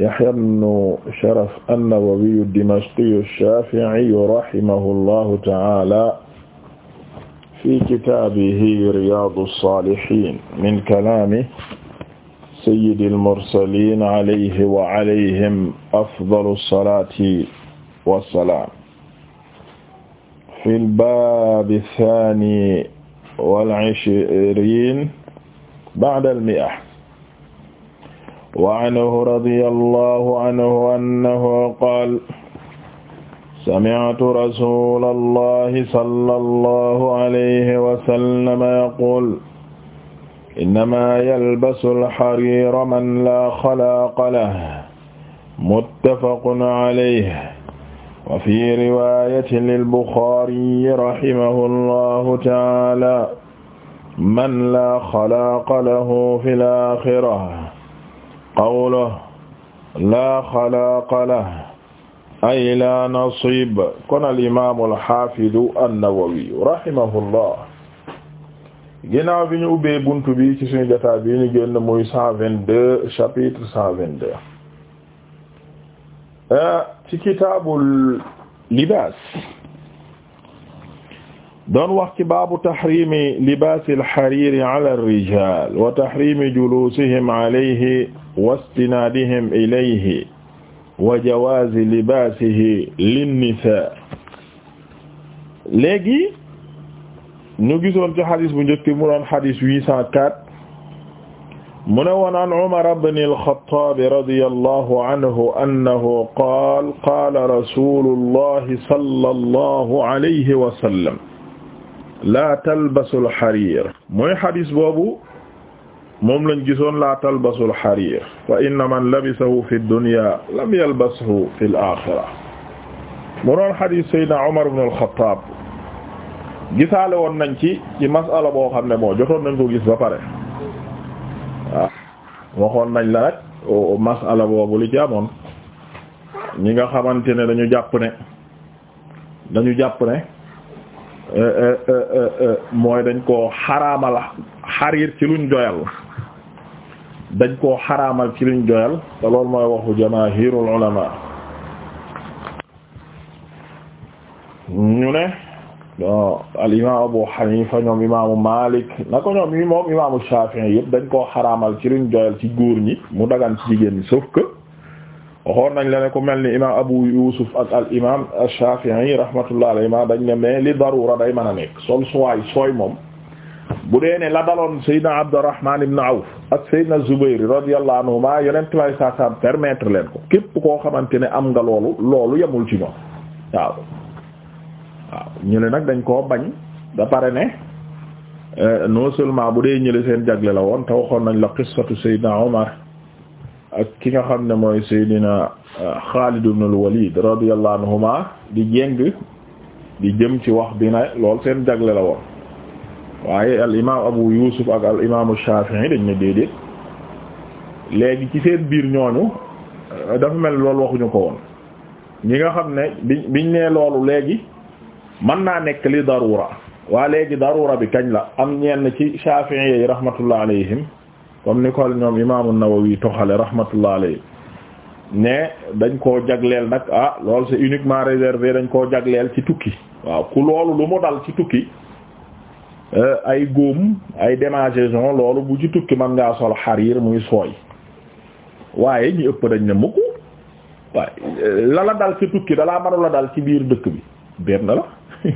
Yahya ibnu Sharaf an-Nawawi ad-Dimashqi ash-Shafi'i rahimahullahu ta'ala fi kitaabihi Riyaadu as-Saalihiin min kalaami sayyidil mursaliin alayhi wa alayhim afdalu as-salaati was-salaam fil baabi ath-thaani wal ishriin ba'da al-mi'a wa anhu radiyallahu anhu annahu qaala sami'tu rasuulallahi sallallahu alayhi wa sallam yaquulu innamaa yalbasul hariira man laa xalaaqa lahu muttafaqun alayhi wa fii riwaayatin lil buxaari rahimahullahu ta'aalaa man laa xalaaqa lahu fil aaxira qawluhu laa xalaaqa lahu ay laa nasiib kon al imaam al xaafidu an-Nawawi rahimahullah ginnaaw bi ñu ubbee buntu bi ci suñu jotaa bi ñu génn muy cent vingt-deux chapitre cent vingt-deux ah, ci kitaabul libaas doon wax ci baabu tahrimi libaasi alxariri ala alrijal wa tahrimi juluusihim alayhi wa istinaadihim ilayhi wa jawaazi libaasihi linnisaa léegi ñu gisoon ci xadis bu njëkk mu doon xadis huit cent quatre mu ne woon an Umar ibn al-Khattab radiyallahu anhu annahu qaala qaala rasuulullahi sallallahu alayhi wa sallam la talbasul xariir mooy xadis boobu moom lañ gisoon la talbasul xariir fa inna man labisahu fi dunya lam yalbashu fi l axira mu doon xadis saydna Umar ibn al-Xattaab gisaale woon nañ ci ci masala boo xam ne moo jotoon nañ ko gis ba pare waaw waxoon nañ la nag masala boobu li ci amoon ñi nga xamante ne dañu jàpp ne dañu jàpp ne Euh, euh, euh, mooy dañ koo xaraamal xariir ci luñ joyal dañ koo xaraamal ci luñ joyal te loolu mooy waxu jamaahirul ulama ñu ne bon al imaam Abu Hanifa ñoom imaamu Malik na ko ñoom imaamu Shafi'i yëpp dañ koo xaraamal ci luñ joyal ci góor ñi mu dagan ci jigéen ñi waxoon nañ la ne ku mel ni imaam Abu Yusuf ak al imaam Shafi'i rahmatullah alayhi dañ ne mais li darura day mën a nekk sol sooy sooy moom bu dee ne la daloon Seydina Abdurrahman ibn Awf ak Seydina Zubayr radiyallahu anhuma yonent may saa saa permettre leen ko képp koo xamante ne am nga loolu loolu yemul ci ñoom waaw waaw ñële nag dañ ko bañ da pare ne euh, non seulement bu dee ñële seen jagle la woon te waxoon nañ la qissatu Seydina Omar ki nga xam ne mooy Seydina euh, Xaalid ibn al-Walid radiyallahu anhuma di jéng di jëm ci wax bi na lool seen jagle la woon waaye al imaam Abu Yusuf ak al imaamu Shafi'i dañ ne déedéet léegi ci seen biir ñooñu euh, dafa mel loolu waxuñu ko woon ñi nga xam ne bi biñ nee loolu léegi mën naa nekk li darura waa léegi darura bi kañ la am ñenn ci Shafi'i yi rahmatullah alayhim comme ni ko ñoom imaamu Nawawi toxale rahmatullah alayhi ne dañ koo jagleel nag ah loolu c'est uniquement réservé dañ koo jagleel ci tukki waaw ku loolu lu mu dal ci tukki eh, ay góom ay démangeaison loolu bu ci tukki man ngaa sol xariir muy sooy waaye ñu ëpp dañ ne mukk waaye eh, la dal ci tukki dalaa mënula dal ci biir dëkk bi benn la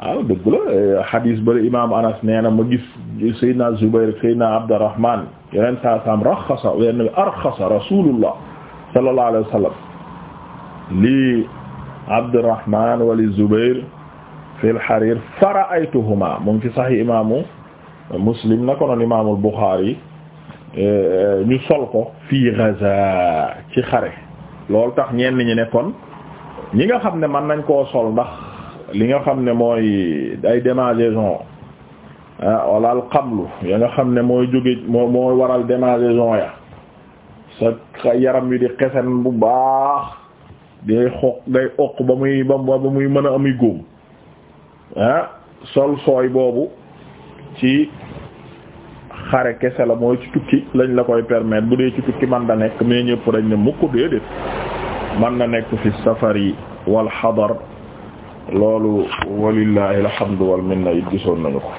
waaw dëgg la hadis eh, bëri imaamu Anas nee na ma gis Seydina Zubayr Seydina Abdurrahman yeneen saa saam raxasa wenn arxasa rasulullah sallallahu alayhi wa sallam li Abdurrahman wa li Zubayr fil harir fara'aytuhuma mu ngi ci sahih imaamu Muslim na ko noon imaamul Bukhari eh, eh, ñu sol ko fii gaza ci xare loolu tax ñenn ñi ne kon ñi nga xam ne mën nañ koo sol ndax li nga xam ne mooy ay démangeaison ah wala al xamlu ya nga xam ne mooy jóge moo mooy waral démangeaison ya sa yaram wi di xesen bu baax day xoq day oq ba muy ba muy mën a amuy góom ah sol sooy boobu ci xare kese la mooy ci tukki lañ la koy permettre bu dee ci tukki man da nekk mais ñëpp dañ ne mukk déedéet man na nekk fi safari wal xadar loolu walillahi alhamdu wal minna it gisoon nañu ko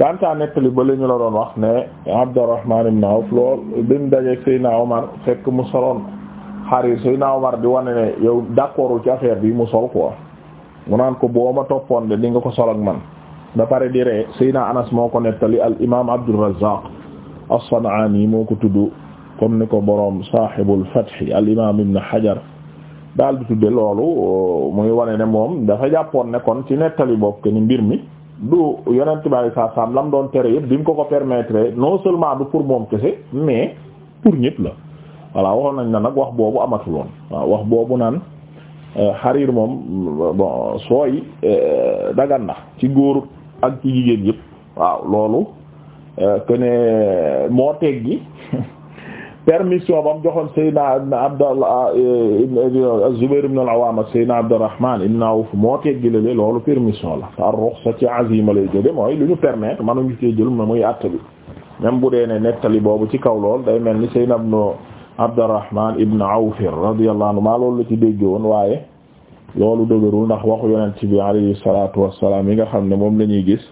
kanta nettali ba la ñu la doon wax ne Abdurrahman ibn Awf lool bimu dajeeg Seydina Omar fekk mu soloon xarir Seydina Omar di wane ne yow d'accordul ci affaire bi mu sol quoi mu naan ko boo ma toppoon de di nga ko sol man ba pare di ree Seydina Anas moo ko nettali al imam Abdurrazzaq as-San'ani moo ko tudd comme ni ko boroom sahibul fath al imam Ibn Hajar daal di tudde loolu euh, muy wane ne moom dafa jàppoon ne ci nettali bopp que mbir mi du yonent bi saa saam lam doon tere yëpp bi mu ko ko permettre non seulement du pour moom kese mais pour ñëpp la voilà waxoon nañ na nag wax boobu amatuloon waaw wax boobu naan xariir euh, moom euh, bon sooy dagan ci góor ak ci jigéen yëpp waaw loolu que moo teggi permission ba mu joxoon Seydina ibn Abdallah eh, eh, Zubayr ibn al-Awwam ak Seydina Abdurrahman ibn Awf moo teggilale loolu permission la ar ruxsa ci azima lay jóge mooy lu ñu permettre mënuñu cee jël ma muy àtt bi même bu dee ne nettali boobu ci kaw lool day mel ni Seydina ibn Abdurrahman ibn Awf radiyallahu anhu maa loolu la ci dégg woon waaye loolu dëgërul ndax waxu yonent bi alayhi salatu wassalam yi nga xam ne moom la ñuy gis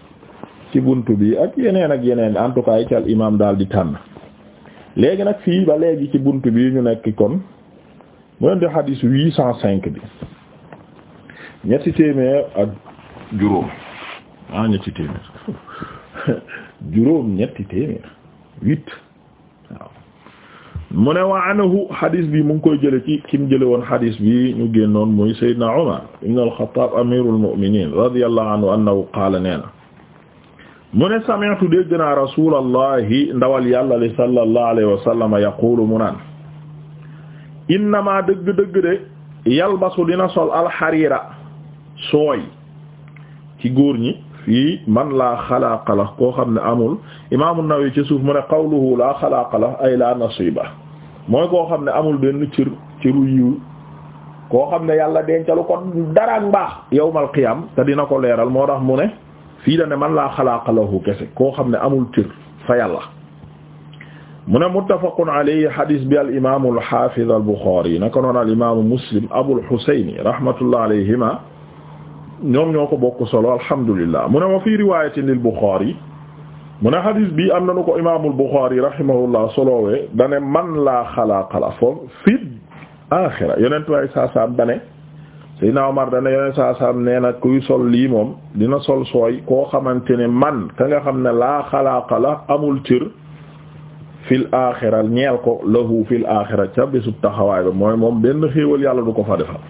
ci buntu bi ak yeneen ak yeneen en tout cas yi ci al imam daal di tànn léegi nag fii ba léegi ci bunt bi ñu nekk kon mu leen di xadiis huit cent cinq bi ñetti téeméer ak juróom ah ñetti téeméer juróom ñetti téeméer huit waaw mu ne wa anhu xadiis bi mu ngi koy jële ci ki mu jële woon xadiis bi ñu génnoon muy Seydina Umar ibn al-Khattab amirul mu'minin radiyallahu anhu annahu qaala nee na mu ne sami'tu dégg naa rasulallahi ndawal yàlla li sallallahu alayhi wa sallam yaqulu mu naan innama dëgg-dëgg de yalbasu dina sol alxariira sooy ci góor ñi fii man laa xalaaqa la koo xam ne amul imaamu Nawawi ci suuf mu ne qawluhu laa xalaaqa la ay laa nasiiba mooy koo xam ne amul benn cër cëru yiw koo xam ne yàlla dencalu ko dara ak mbaax yawmal qiyaam te dina ko leeral moo tax mu ne fii da ne man laa xalaaqa lahu kese koo xam ne amul cër fa yàlla mu ne muttafaqun alayhi hadis bi al imaamu al xaafiz al buxaari naka noonu al imaamu muslim abul xusayni rahmatullah alayhima ñoom ñoo ko bokk solo alhamdulillah mu ne wa fii riwaayatin lil buxaari mu ne hadis bi am nañu ko imaamul buxaari rahimahullah solowee da ne man laa xalaaqa la foofu fi aaxira yeneen tuwaay saa saa da ne Seydina Omar dana yeneen saa saam nee na kuy sol lii moom dina sol sooy koo xamante ne man ka nga xam ne laa xalaaqa la amul cër fil aaxira ñeel ko lahu fil aaxira ca bésub taxawaay ba mooy moom benn xéewal yàlla du ko fa defal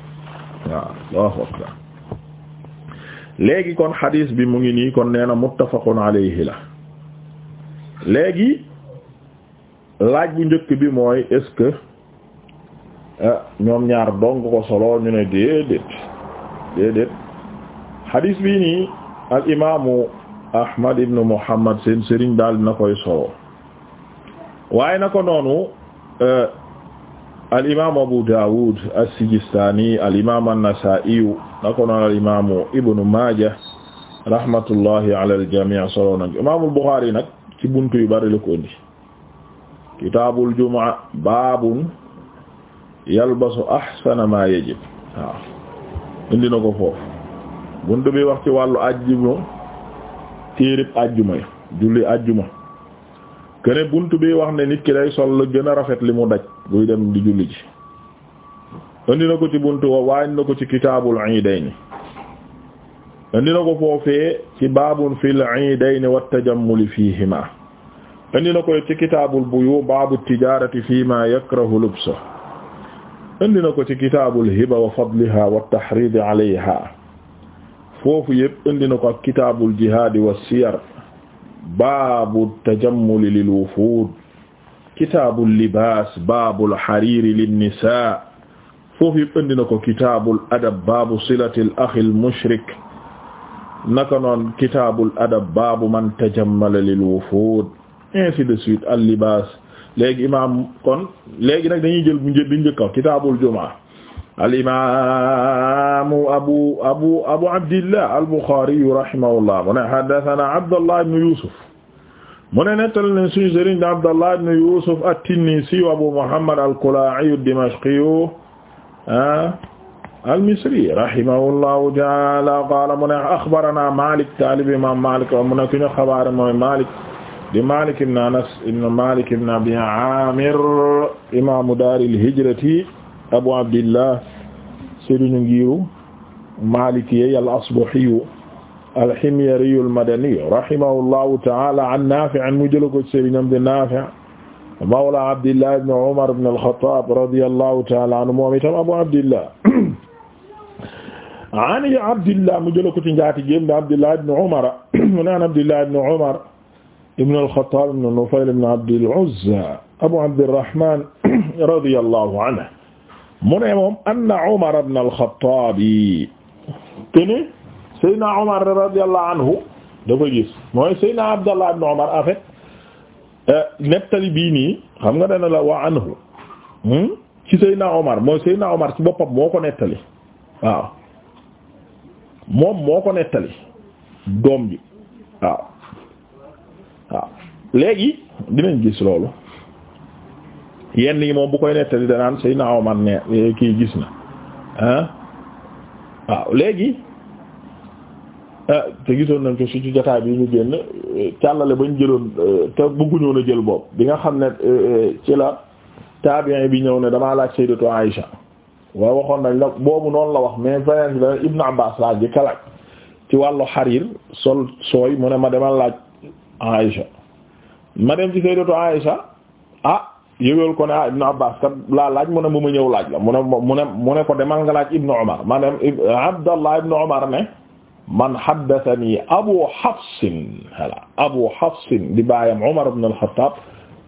léegi kon xadiis bi mu ngi nii kon nee na muttafaqun alayhi la léegi laaj bu njëkk bi mooy est-ce Eh, ñoom ñaar dong ko solo ñu ne déedéet déedéet hadis bii nii al imaamu Ahmad ibn Muhammad seen daal na koy solo waaye na eh, ko noonu al imaamu Abu Dawud as-Sijistani al imaamu an-Nasa'i na ko noonu al imaamu Ibn Majah rahmatullahi al jami' solo Bukhari nag ci buntu yu la ko indi kitaabul jumaa baabun yalbasu ahsana ma yajib indi na ko foofu buntu bi wax ci wàllu àjjuma téerib àjjuma yi julli àjjuma kene bunt bi wax na nit ki day sol la gën a rafet li mu daj buy dem di julli ji indi na ko ci buntu wa waañ na ko ci kitaabul iidayni indi na ko foofee ci baabun fil iidayni wat tajammuli fiihima indi na ko ci kitaabul buyu baabu tijaarati fiima yakrahu lubsa indi na ko ci kitaabul hiba wa fadliha wa tahridi alayha foofu yëpp indi na ko ak kitaabul jihaadi wa siyar baabu tajammuli lil wufuud kitaabul libaas baabul xariiri linnisaa foofu yëpp indi na ko kitaabul adab baabu silatil axil mushrik naka noon kitaabul adab baabu man tajammala lil wufuud ainsi de suite al libaas léegi imaam kon léegi nag dañuy jël bu njëkk bi njëkk kitaabul jumaa al imaamu abu abu abu abdillah al buxaari rahimahullah mu ne haddasanaa abdallah ibn yusuf mu ne nettali nañ suñu sëriñ abdallah ibn yusuf at-tinnisi abu muhammad al kulaa'i ad-dimashqi ah, al-misri rahimahullahu ta'aala qaala mu ne axbaranaa maalik taalib imaam maalik mu ne ku ñu xabaar mooy maalik di Malik ibn Anas ibn Malik ibn Abi Amir imaamu daaril hijrati Abu Abdillah sëriñu ngiru Maliki al-Asbahi al-Himyari al-Madani rahimahullahu ta'ala an Nafi' an mu jëla ko sëriñam di Nafi' mawla Abdillah ibn Umar ibn al-Khattab radiyallahu ta'ala anhu moom itam Abu Abdillah an Abdillah mu jëla ko ci njaati jéem di Abdillah ibn Umar mu naan Abdillah ibn Umar ibn al-Khattab ibn Nufayl ibn Abd al-Uzza Abu Abd al-Rahman radiyallahu anhu mu ne moom anna Umar ibn al-Khattab kene Seydina Umar radiyallahu anhu dafa gis mooy Seydina Abdallah ibn Umar en fait euh, nettali bii nii xam nga dana la wa anhu hmm? ci Seydina Umar mooy Seydina Umar ci boppam moo ko nettali waaw moom moo ko nettali doom bi waaw léegi dinañ gis loolu yenn yi moom bu koy nettali danaan say naaw man ne eh, kii gis na ah waaw léegi eh, te gisoon nañ ko si ci jotaay bi ñu génn eh, càllale bañ jëloon te bëgguñoon jël bopp bi nga xam ne ci la tabi'in bi ñëw ne damaa laaj sayyidatu Aïsha waaw waxoon nañ la boobu noonu la wax mais feneen bi dana Ibnu Abbaas laaj ci wàllu xariir sol sooy mu ne ma demal laaj Aïsha ma dem ci sayyidatu Aisha ah yëgal ko ne ah Ibn Abbas kat laa laaj mu ne mu ma ñëw laaj la mu ne ko demal nga laaj Ibn Umar ma dem Abu Hafs Abu Hafs di baayam Umar ibn al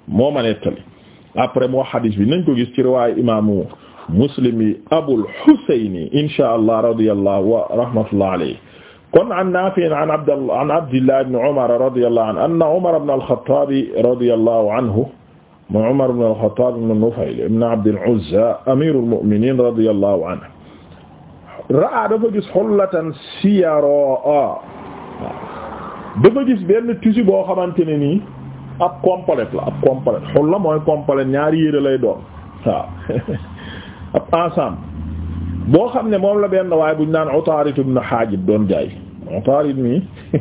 moo ma nettali après moo hadis bi nañ ko gis ci riwaayu Muslim yi Abul inshaa Allah radiyallahu wa rahmatullahi alayhi kon an Naafi' an Abdallah an Abdillah ibn Umar radiyallahu anhu anna Umar ibn al-Khattab radiyallahu anhu mu Umar ibn al-Khattab ibn Nufayl ibn Abd al-Uzza amirul mu'minin radiyallahu anhu raa dafa gis xullatan siyara dafa gis benn tissu boo xamante ne nii ab complet la ab complet xulla mooy complet ñaari yére lay doon waaw ab ensemble boo xam ne moom la benn waaye buñ naan Utaarid ibn Haajib doon jaay Utaarid mi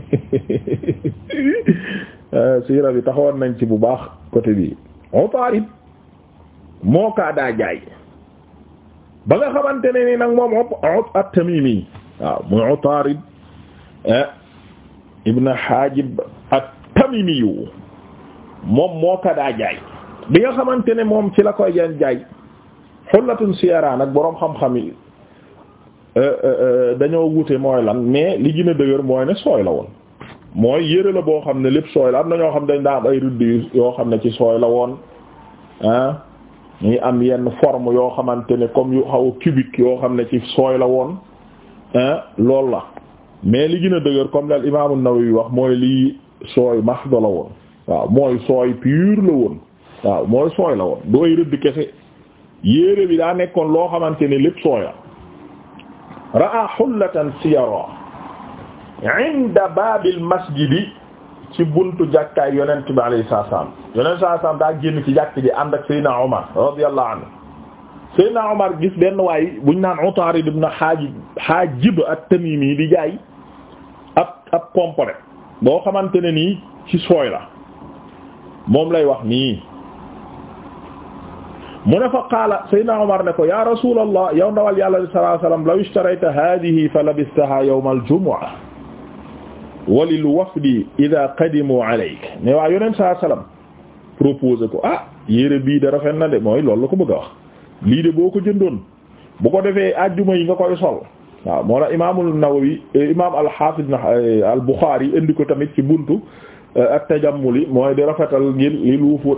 siira bi taxawoon nañ ci bu baax côté bi Utaarid moo kaa jaay ba nga xamante ne ni nag moom at-Tamimi waaw muy Utaarid eh, ibn Haajib at-Tamimi moom moo kaa daa jaay bi nga xamante ne moom ci la koy jaay xullatun siyara nag boroom xam-xam yi Euh, euh, euh, dañoo wute mooy lan mais li gën a dëgër mooy ne sooy la woon mooy yëre la boo xam ne lépp sooy la na ñoo xam dañ daa am ay rëdd yoo xam ne ci sooy la woon ah ñuy am yenn forme yoo xamante ne comme yu xaw cubique yoo xam ne ci sooy la woon loolu la mais li gën a comme daal Imaam an wax mooy lii sooy max do la woon waaw mooy sooy pur la woon waaw mooy rëdd kese yére bi daa nekkoon loo xamante ne lépp sooy raa xullatan siyara inda baabil masjidi ci buntu jàkkaay yonent bi alayhi salaam yonent salaam daa génn ci jàkk ji ànd ak Seydina Omar radiyallahu anhu Seydina Omar gis benn waay buñ naan Utaarid ibn Haajib Haajib at-Tamimi di jaay ab ab complet boo xamante ne nii ci sooy la moom lay wax nii mu ne fa qaala Seydina Omar ne ko ya rasulallah yow ndawal yàlla sallallahu alayhi wa sallam law ishtarayta haadihi fa labistaha yawma al-jumu'a wa lil wafdi idha qadimu alayk ne waa yonent sallallahu alayhi wa sallam proposé ko ah yére bii de rafet na de mooy loolu la ko bëgg a wax lii de boo ko jëndoon bu ko defee ajjuma yi nga koy sol waaw moo la imaamul Nawawi imaam al-Hafiz al-Bukhari indi ko tamit ci buntu Euh, ak tajammuli mooy di rafetal ngir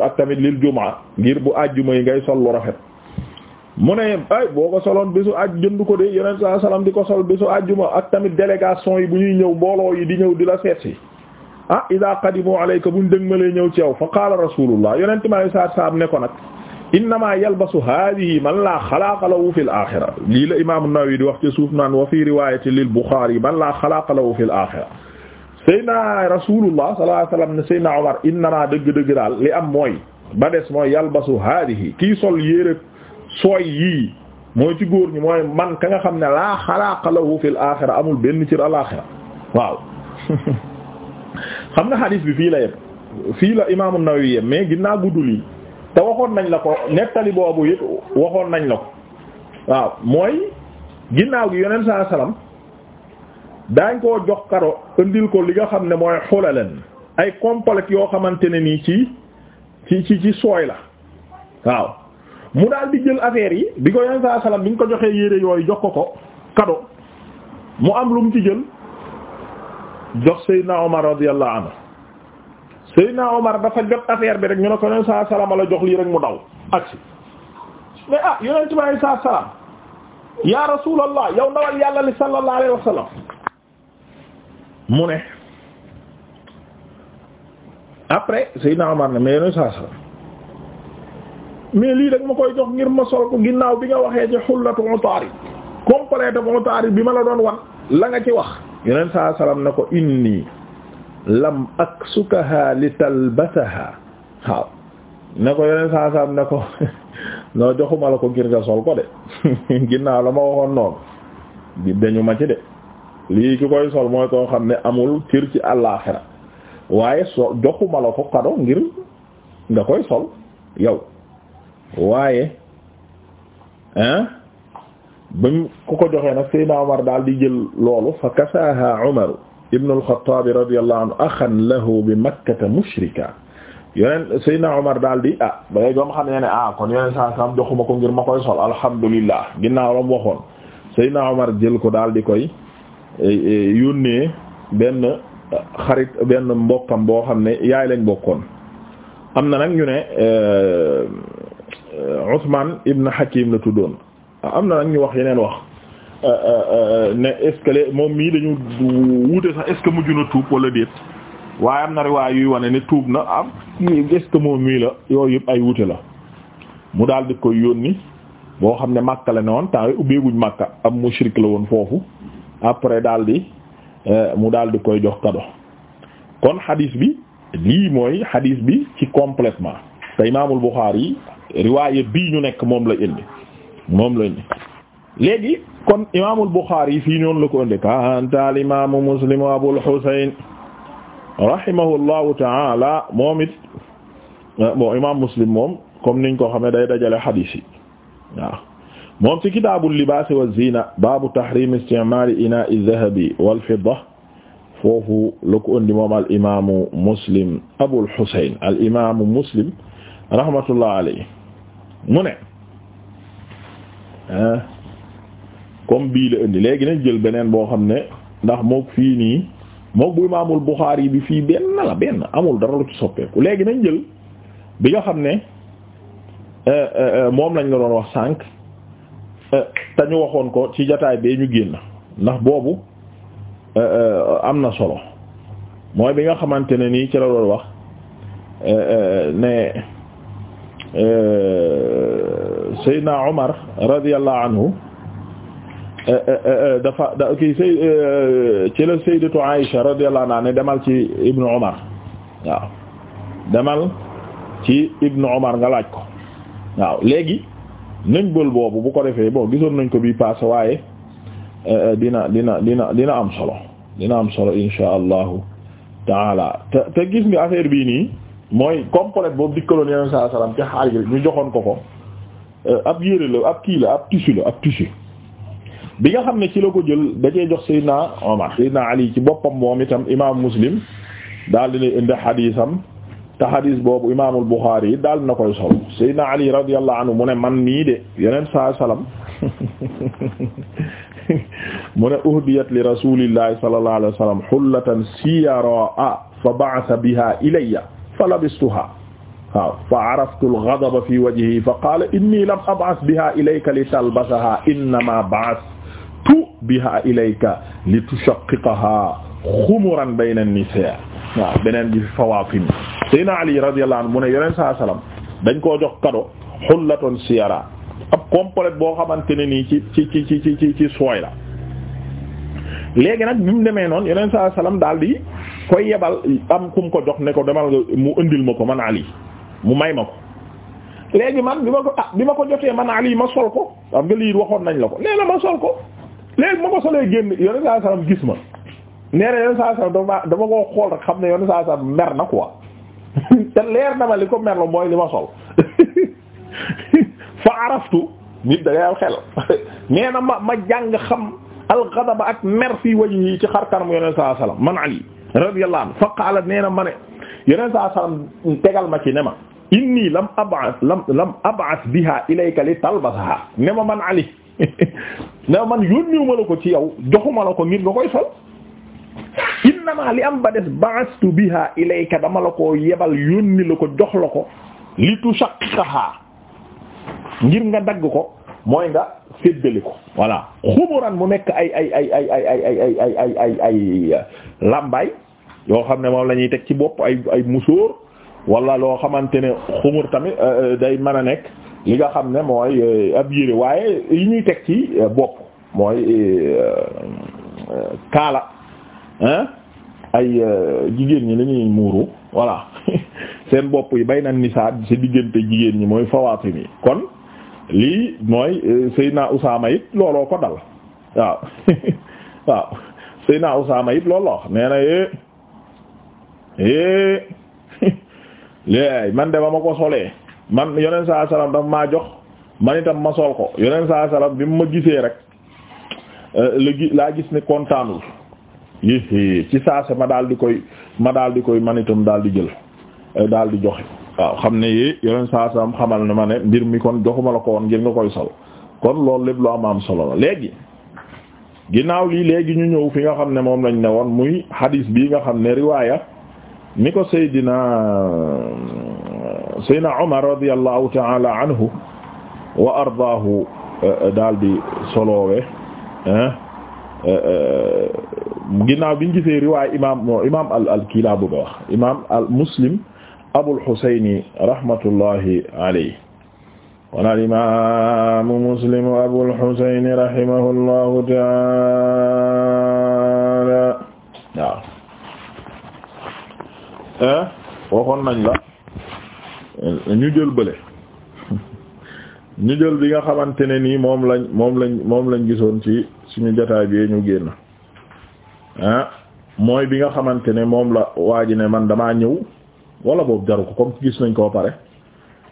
ak tamit lil jumaa ngir bu àjjuma yi ngay sol lu rafet mu ne ay boo ko soloon bésu aj jënd ko de yeneen saa di ko sol bésu àjjuma ak tamit délégation yi bu ñuy ñëw mbooloo yi di ñëw di la seet si ah ida qadimu alayka buñ dëgmalee ñëw ci yow fa qaala rasulullah yonente mi alei saatu salaam ne ko nag innama yalbasu hadihi man laa xalaaqa fi l axira lii la imaamu Nawawi di wax ci suuf naan wa fi riwayati lil Buxaari man laa xalaaqa lahu fi l Seyna Rasulullah sallallahu alayhi wasallam ne Seyna Omar dëgg-dëgg daal li am mooy ba des mooy yalbasu haadihi kii sol yére sooy yii mooy ci góor ñi mooy man ka nga xam ne laa xalaaqa lahu fil aaxira amul benn cër alaaxira waaw xam nga hadith bi fii la yem fii la imaamu Nawawi yem mais ginnaaw guddul yi te waxoon nañ la ko nettali boobu it waxoon nañ la ko waaw mooy ginnaaw gi yonent sallallahu alayhi daañ koo jox kado indil ko li nga xam ne mooy xulalan ay complexe yoo xamante ne nii ci ci ci ci sooy la waaw mu daal di jël affaire yi bi ko yenn saa salaam bi ñu ko joxee yére yooyu jox ko ko kado mu am lu mu ci jël jox na Omar radiyallahu anhu Seydina Omar dafa jot affaire bi rek ñu ne ko yenn saa salaam la jox lii rek mu daw agsi mais ah yeneen ci ma saa salaam yaa rasuulallah yow ndawal yàlla li sallallahu alayhi wasallam mu ne après Seydina Omar ne mais yéen saa saa mais lii rek ma koy jox ngir ma sol ko ginnaaw bi nga waxee ci xullatu utaarib complet de utaarib bi ma la doon wan la nga ci wax. yeneen saa salaam ne ko inni lam aksukaha li talbasaha waaw ne ko yeneen saa salaam ne ko noo joxuma la ko ngir nga sol ko de ginnaaw la ma waxoon noonu dañu ci de. lii ki koy sol mooy koo xam ne amul cër ci àllaaxira waaye so joxuma la ko kado ngir nga koy sol yow waaye hein bañ ku ko joxee nag Seydina Omar daal di jël loolu fa kasaaha Umar ibn al-Khattab radiyallahu anhu axan lahu bi makkata mushrika yoneen Seydina Omar daal di ah dangay doom xam ne ne ah kon yoneen saa joxuma ko ngir ma koy sol alhamdulillah ginnaaw la mu waxoon Seydina Omar jël ko daal di koy yónnee benn xarit benn mbokkam boo xam ne yaay lañ bokkoon am na nag ñu ne euh, Ousmane ibn Hakim la tuddoon am na nag ñu wax yeneen wax euh, euh, ne est moom mii dañu wute sax est-ce na tuub wala déet waaye am na riwaay yuy wane ne tuub na am est-ce mii la yooyu yëpp ay wute la mu daal di koy yónni boo xam ne Makka la ne woon temps ubbeeguñ Makka am mushrik la woon foofu après daal di euh, mu daal di koy jox kado kon hadis bi lii mooy hadis bi ci complètement te imaamul Buxaari riwaaye bii ñu nekk moom la indi moom la indi léegi kon imaamul Buxaari fii noonu la ko indi kantaal imaamu Muslim Abul Husayn rahimahullahu taala moom it euh, bon imaam Muslim moom comme niñ ko xamee day dajale hadis yi waaw moom ci kitaabul libaas wa zina baabu tahrim istimaali ina dahabi walfidda foofu la ko andi moom al imaamu muslim abul husayn al imaamu muslim rahmatullah alayhi mu ne ah, comme bii la indi léegi nañ jël beneen boo xam ne ndax mook fii nii mook bu imaamul buxaari bi fii benn la benn amul dara lu ci soppeeku léegi nañ jël bi nga xam ne eh, eh, eh, moom lañ la doon wax sànq Eh, te ñu waxoon ko ci jataay bee ñu génn ndax boobu eh, eh, am na solo mooy bi nga xamante ne nii ci la doon wax ne Seydina Omar radiyallahu anhu dafa da kii ci la Sayyidatu Aïsha radiyallahu anha ne demal ci Ibnu Omar waaw demal ci Ibnu Omar nga laaj ko waaw léegi nañ bël boobu bu ko defee bon gisoon nañ ko bii passé waaye euh, dina dina dina dina am solo dina am solo insha allahu taala te te gis nga affaire bii nii mooy complet boobu dikkaloon yeneen saa salaam ca xaar ñu joxoon ko ko euh, ab yére la ab kii la ab tissu la ab tissu bi nga xam ne ci la ko jël da jox Seydina Omar Seydina Ali ci boppam moom itam imaam Muslim daal di indi xadiisam te hadis boobu imaamul Buxaari yi daal na koy solo Seydina Ali radiyallahu anhu mu ne man mii de yeneen saa salaam mu ne uhdiyat li rasulillahi sallallahu alayhi wa sallam hullatan siyara fa ba'atha biha ilayya fa labistuha waaw fa araftu al-ghadaba fi wajhihi fa qaala inni lam ab'ath biha ilayka litalbasaha innama ba'athtu biha ilayka litushaqiqaha xumuran bayna an-nisaa waaw beneen bi fawaafin Seydina Ali radiyallahu anhu mu ne yoneen saa salaam dañ koo jox kado xullatoon siyara ab complet boo xamante ne nii ci ci ci ci ci ci sooy la léegi nag bi mu demee noonu yoneen saa salaam daal di koy yebal am ku kum ko jox ne ko demal nga mu indil ma ko man Ali mu may ma ko léegi man bi ma ko ah bi ma ko jotee man Ali ma sol ko am nga lii waxoon nañ la ko nee na ma sol ko léegi ma ko solee génn yoneen saa salaam gis ma nee na yoneen saa salaam dama dama koo xool rek xam ne yoneen saa mer na quoi. te leer na ma li ko merlo mooy li ma sol fa araftu nit da ngay am ma ma jàng xam alxadaba ak mer fii wajhi ci xar kanam yoneen saa salaam man Ali radiyallahu anhu fa qaala nee na ma ne yoneen saa salaam tegal ma ci ne ma inni lam ab'as lam lam ab'as biha ilayka li talbasaha ne ma man Ali ne man yónniwuma la ko ci yow joxuma la ko ngir nga koy sol li am ba des ba'astu biha ilayka dama la ko yebal yónni la ko jox la ko li tushaqqaha ngir nga dagg ko mooy nga séddale ko voilà xumuran mu nekk ay ay ay ay ay ay ay ay ay làmbaay yoo xam ne moom la ñuy teg ci bopp ay ay musóor wala loo xamante ne xumur tamit day man a nekk li nga xam ne mooy ab yére waaye li ñuy teg ci bopp mooy kaala ay euh, jigéen ñi lañuy muuru voilà seen bopp yi bay na nisaab si diggante jigéen ñi mooy fawaatim yi kon lii mooy euh, Seydina Usaama it looloo ko dal waaw waaw Seydina Usaama it looloo nee na man de ba ma ko solee man yoneen saa salaam daf maa jox man itam ma sol ko yoneen saa salaam bi mu ma gisee rek euh, la gi laa gis ne kontaanul yi ci saase ma daal di koy ma daal di koy man itam daal di jël eh, daal di joxe waaw xam ne yi yeneen saasam xamal na ma ne mbir mi kon joxuma la ko woon ngir nga koy sol kon loolu lépp lu am solo la léegi ginnaaw lii léegi ñu ñëw fi nga xam ne moom lañ ne woon muy hadis bii nga xam ne riwaaya ni ko Seydina Seydina Omar radiyallahu taala anhu wa ardaahu eh, eh, daal di soloowe ginnaaw biñ gisee riwaay imaam imaam al al kii laa bëgg a wax imaam al muslim abul xusayni rahmatullahi alayhi kon al imaamu muslim abul xusayni rahimahullahu taala waaw. Eh, waxoon nañ la ñu jël bële ñu jël bi nga xamante ne nii moom lañ moom lañ moom lañ gisoon ci suñu jotaay bi ñu génn. ah mooy bi nga xamante ne moom la waa ji ne man damaa ñëw wala boobu jaru ko comme gis nañ ko pare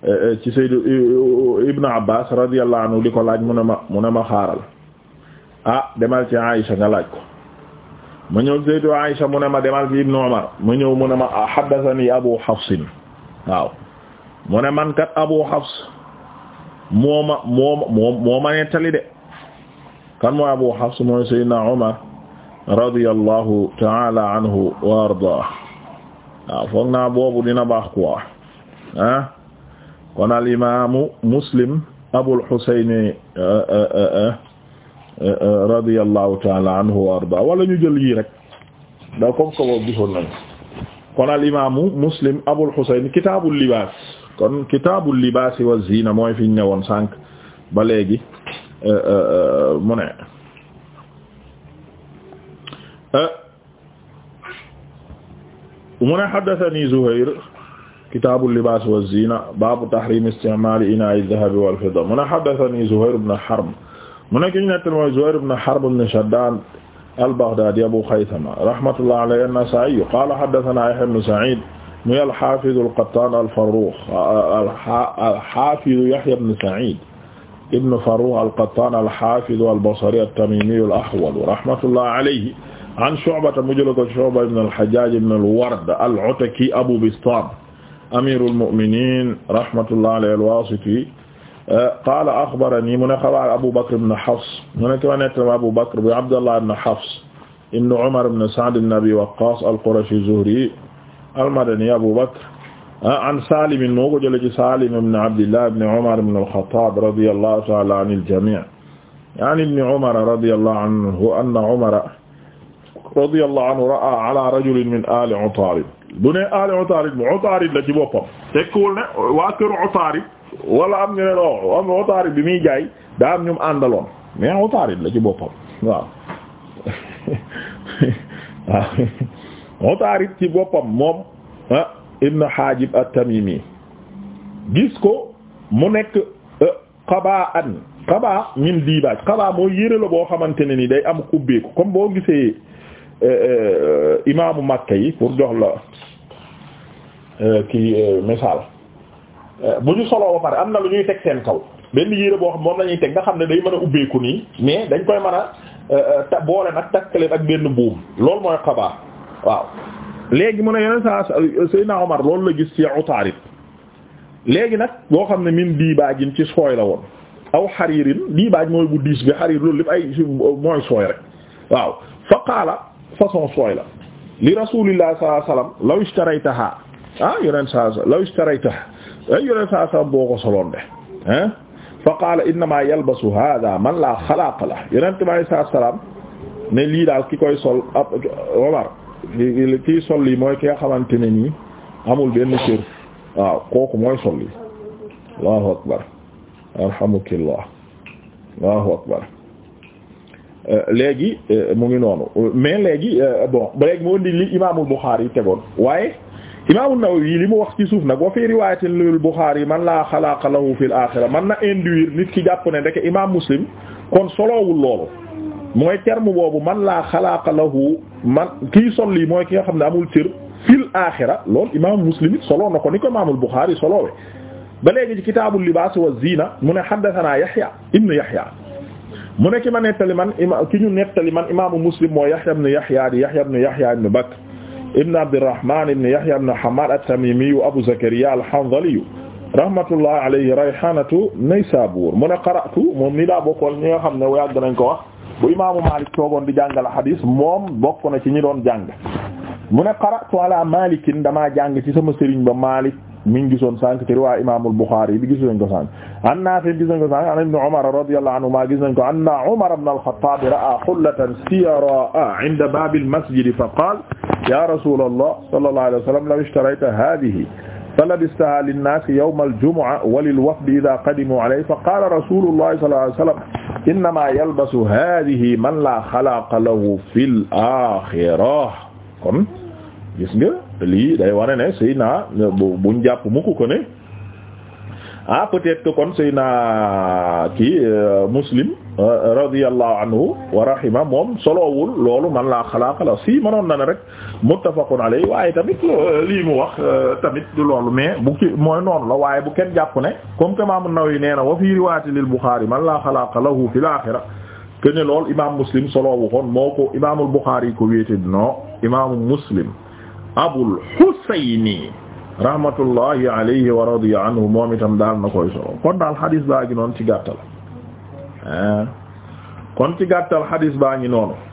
eh, eh, ci Seydou eh, Ibn Abbas radiyallahu anhu di ko laaj mu ne ma mu ne ma xaaral ah demal ci Aïcha nga laaj ko ma ñëw Seydou Aïcha mu ne ma demal ci Ibn Umar ma ñëw mu ne ma ah, haddathani Abu Hafs waaw mu ne man kat Abu Hafs moo ma moo ma moo ma nettali de kan mooy Abu Hafs mooy Seydina Umar radiyallahu taala anhu wa ardaa waaw foog naa boobu dina baax quoi ah kon al imaamu muslim abul xusayni eh, eh, eh, radiyallahu taala anhu wa ardaa wala ñu jël yi rek da comme que boobu gisoon nañu kon al imaamu muslim abul xusayni kitaabul libaas kon kitaabul libaas wa ziina mooy fi ñu ñëwoon sànq ba léegi mu ne. mu ne haddathani Zuhayr kitaabu libaas wa ziina baabu tahriim isti'maali inaa'i dahabi wal fidda mu ne haddathani Zuhayr ibn Harb mu ne ki ñu nettali mooy Zuhayr ibn Harb ibn Shaddaan al-Baghdaadi Abu Khaythama rahmatullahi alayhi an-Nasaa'i qaala haddathanaa Yahyaa ibn Sa'iid muy al-Haafiz al-Qattaan al-Farrukh al-Haafiz Yahyaa ibn Sa'iid ibn Farrukh al-Qattaan al-Haafiz al-Basri at-Tamiimi al-Ahwal rahmatullahi alayhi an Shu'bata mu jëla ko Shu'ba ibn al-Hajjaj ibn al-Ward al-Ataki Abu Bistam amirul mu'minin rahmatullahi alayhi al-Wasiti qaala axbarani mu ne xabaar Abu Bakr ibn Hafs mu ne ki ma nettama Abu Bakr bi Abdullah ibn Hafs ibn Umar ibn Sa'd ibn Abi Waqqas al-Qurashi az-Zuhri al-Madani Abu Bakr an Salim moo ko jëlee ci Salim ibn Abdillah ibn Umar ibn al-Khattab radiyallahu ta'ala anil jami' an ibn Umar radiyallahu anhu anna Umar radiyallahu anhu raa ala rajulin min ali Utaarid bu ne ali Utaarid bu Utaarid la ci boppam tekkiwul ne waa kër Utaarid wala am ñu ne loo am Utaarid bi muy jaay daa am ñu mu àndaloon mais Utaarid la ci boppam waaw waaw Utaarid ci boppam moom ah ibn Haajib at-Tamimi gis ko mu nekk xabaa an xabaa min diibaaj xabaa mooy yére la boo xamante ne ni day am kubbeeku comme boo gisee Eh, eh, imaamu Makka yi pour jox la eh, kii misaal bu ñu soloo ba pare am na lu ñuy teg seen kaw benn yére boo xam moom la teg nga xam ne day mën a ubbeeku nii mais dañ koy mën a boole nag takkale ak benn buum loolu mooy xabaar waaw léegi mu ne yeneen saa Seydina Omar loolu la gis ci utaarit léegi nag boo xam ne min diibaajin ci sooy la woon aw xariirin diibaaj mooy bu diis bi xariir loolu lépp ay mooy sooy rek waaw fa façon sooy la li rasulillah sallallahu alayhi wasallam law ishtaraytaha ah yonent saa sa law ishtaraytaha ay eh, yonent saa sa boo ko soloon de ah fa qaala innama yalbasu hada man la xalaaq la yonent bi alayhi salaatu salaam ne lii daal ki koy sol ab Omar kii sol lii mooy ki nga xamante ne nii amul benn cër waaw kooku mooy sol lii allahu akbar alhamdulillah allahu akbar Euh, léegi euh, mu ngi noonu mais léegi euh, bon ba léegi moo di li imaamul Buxaari yi tegoon waaye imaamu yi li mu wax ci suuf nag wa fi riwaayatin lil Buxaari man laa xalaaqa lahu fil aaxira man na induire nit ki jàpp ne ndeke imaam Muslim kon solowul loolu mooy terme boobu man laa xalaaqa lahu man kii sol lii mooy ki nga xam ne amul cër fil aaxira loolu imaamu Muslim it soloo na ko ni ko imaamul Buxaari soloowe ba léegi ci kitaabul libaas wa ziina mu ne haddasanaa Yahya ibnu mu ne ki ma nettali man ima ki ñu nettali man imaamu muslim moo Yahya ibn Yahya di Yahya ibn Yahya ibn Bakr ibn Abdurrahman ibn Yahya ibn Hammad at-Tamimi Abu Zakariya al-Hanzali rahmatullahi alayhi rayhanatu Naysabur mu ne qara'tu moom ni daa bokkoon ñi nga xam ne yàgg nañ ko wax bu imaamu Malik toogoon di jàngal hadis moom bokk na ci ñi doon jàng mu ne qara'tu ala Malikin damaa jàng ci sama sëriñ ba Malik mi ngi gisoon sànq ci riwaa imaamul Buxaari bi gis nañ ko sànq an Naafi gis nañ ko sànq an ibn Umar radiyallahu anhuma gis nañ ko anna Umar ibn al-Khattab ra'a hullatan siyara 'inda baabil masjid fa qaala ya rasulallah sallallahu alayhi wa sallam law ishtarayta haadhihi falabistaha linnaasi yawma al-jumu'a wa lil-wafdi idha qadimu alayhi fa qaala rasulullah sallallahu alayhi wa sallam innama yalbasu haadhihi man la xalaqa lahu fil aaxira kon gis nga lii day wane ne Seydina buñ jàpp mukk ko ne ah peut-être que kon Seydina kii euh, Muslim euh, radiyallahu anhu wa rahima moom solowul loolu man laa xalaqa la si mënoon na ne rek muttafaqun alayhi waaye tamit euh, lii mu wax tamit du loolu mais bu ki mooy noonu la waaye bu kenn jàpp ne comme que Imam an nee wa fii riwaayati lil Bukhari man laa xalaqa lahu fil aaxira que lool Imam Muslim solowu kon moo ko Imamul Bukhari ko wéete non Imamu Muslim. Abul Husayni rahmatullahi alayhi wa radiya anhu moom itam daal na koy solo kon daal xadis baa ngi noonu ci gàttal ah kon ci gàttal xadis baa ngi noonu